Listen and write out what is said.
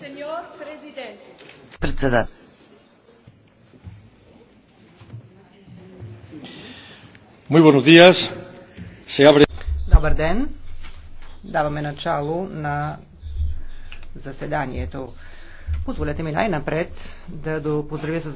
Сеньор президент. Председател. Muy buenos días. Se abre... Добър ден. Даваме начало на заседанието. Позволете ми най-напред да допоздравя с